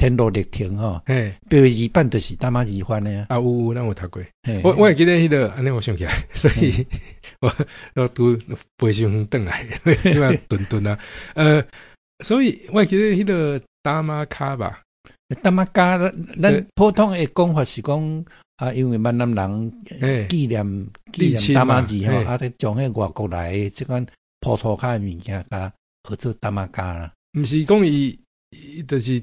天路歷程嗬，百分之半著是的、啊啊、打馬字翻嘅。啊嗚，咱有讀過。我我也記得迄個安尼，我想起來，所以、嗯、我拄背誦轉來，即啊頓頓啊，呃，所以我也記得迄個打馬卡吧，打馬卡咱咱普通嘅講法是講，啊，因為閩南人紀念紀 Hey, 念打馬字，啊，迄種從外國來的即款講普通的物件家，叫做打馬卡啦。毋是講伊著是。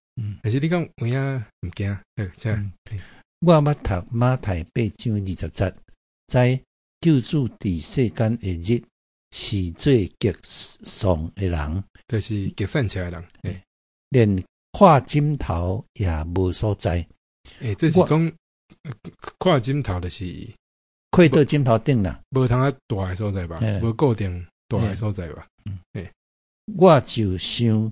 嗯，而是你講有影唔驚，即係我捌讀馬太八章二十集，在救助佇世間一日是最極上嘅人，就是極善車人，連跨枕頭也無所在。誒，這是講跨枕頭，著是跨到枕頭頂啦，無通啊，大嘅所在吧，無固定大嘅所在吧。誒，我就想。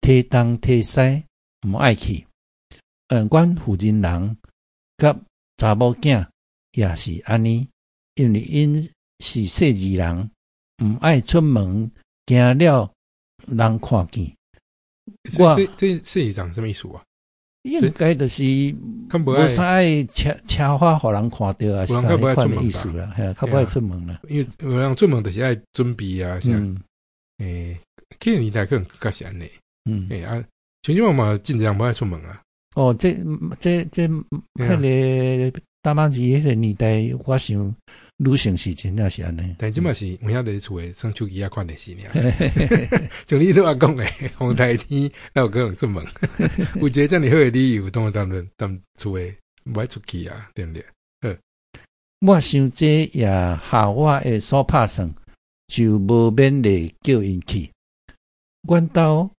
提東提西毋愛去，嗯，阮福建人甲查某囝也是安尼，因為因是細姨娘，唔愛出門，驚了人看見。哇以我，這這細姨娘啥物意思啊？應該就是唔愛，愛吃吃花人看，好難垮掉啊！唔愛出門，意思啦，他不愛出門了，啦啊、門啦因為有人出門都是愛準備啊，像、嗯、誒，去年大概更更是安尼。誒、嗯欸、啊，像即晚嘛，真係唔愛出門、哦、啊！哦，即即即迄個打馬字迄個年代，我想女性是真正是安尼，但即嘛是唔喺佇厝誒，耍手機啊，看電視爾。像你都話講嘅，好大天，可能出門， 有一個遮爾好誒理由，但厝誒，唔愛出去啊，對，對？點、嗯？我想姐也好，我誒所拍算就無免嚟叫人去，阮兜。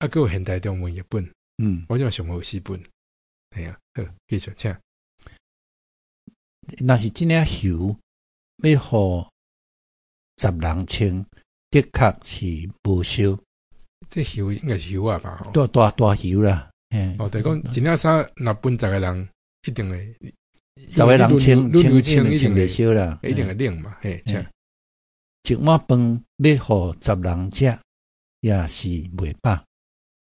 阿閣有現代中文一本，嗯，我即陣上好四本，係啊，好，繼續請。若是即領少，欲互十人清，的確係唔少。即少應該是少啊吧，大大多少啦。哦，但講今領衫，那本十個人一定會十人清，六六清一定會，一定會冷嘛。請碗飯欲互十人食，也是唔飽。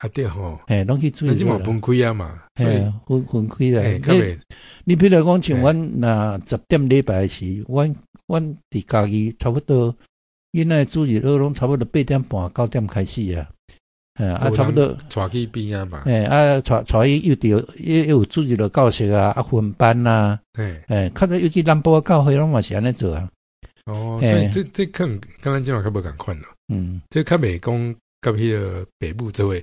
啊對吼，攏去注意，即嘛分開啊嘛，分分開啊，誒較袂。你比如嚟講，像阮若十點禮拜時，阮阮佇家己差不多，因為注意力攏差不多八點半九點開始啊，啊，啊，差不多帶去邊仔啊嘛，誒，啊，帶帶伊又調又又注意到教學啊，啊，分班啊，對，誒，佢哋有去南部教會攏嘛是安尼做啊。哦，所以這這更即加較無共款咯。嗯，即較袂講甲迄個北部周圍。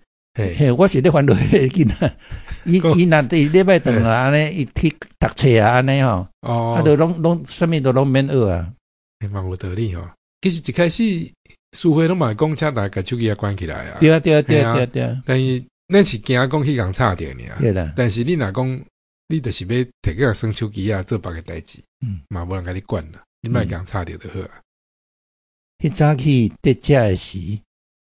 係，我是咧煩惱迄個囡仔，伊伊若佇禮拜同阿安尼伊去讀冊啊，安尼哦，佢著攏攏，什物都攏免學啊，嘛有道理吼。其實一開始蘇輝攏嘛會講，家己甲手機關起來啊。對啊對啊對啊對啊。但是咱是驚講阿公人吵着呢啊。對啦。但是你若講你著是要摕人耍手機啊，做別個代志，嗯，嘛無人甲你管啦，你莫講吵着著好啊。迄早起得誒時。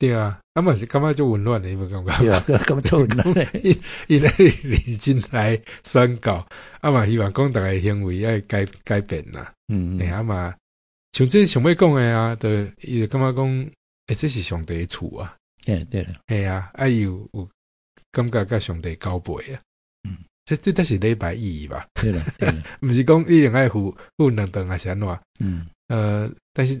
對啊，嘛是感覺足紊亂，你有感覺、啊、 覺足紊亂誒，伊伊來認真來宣告啊啊，嘛希望講大家行為要改改變啦。嗯嗯。欸、啊嘛，像即次上咩講誒啊？都感覺講，誒、欸，即是上帝誒厝啊。啊啊嗯，對啦。係啊，伊有感覺甲上帝交配啊。嗯，即即都是禮拜意義吧？對啦，毋 是講一定愛護兩頓啊，是安怎。嗯。呃，但是。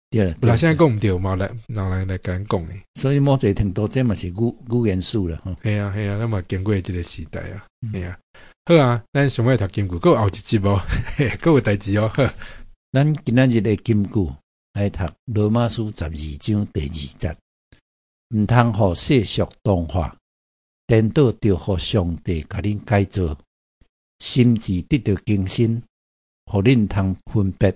對本來現在，講毋對，冇啦對，冇人嚟敢講嘅。的所以某一個程度，即係嘛，是語語言書啦？係啊係啊，咱嘛、啊、經過即個時代啊，係、嗯、啊，好啊，咱想咩讀金句，各有後一集嘿，各有代誌哦，呵呵哦，咱今仔日嚟金句嚟讀羅馬書十二章第二節，毋通互世俗同化，顛倒，着互上帝，甲恁改造，心智得到更新，互恁通分別，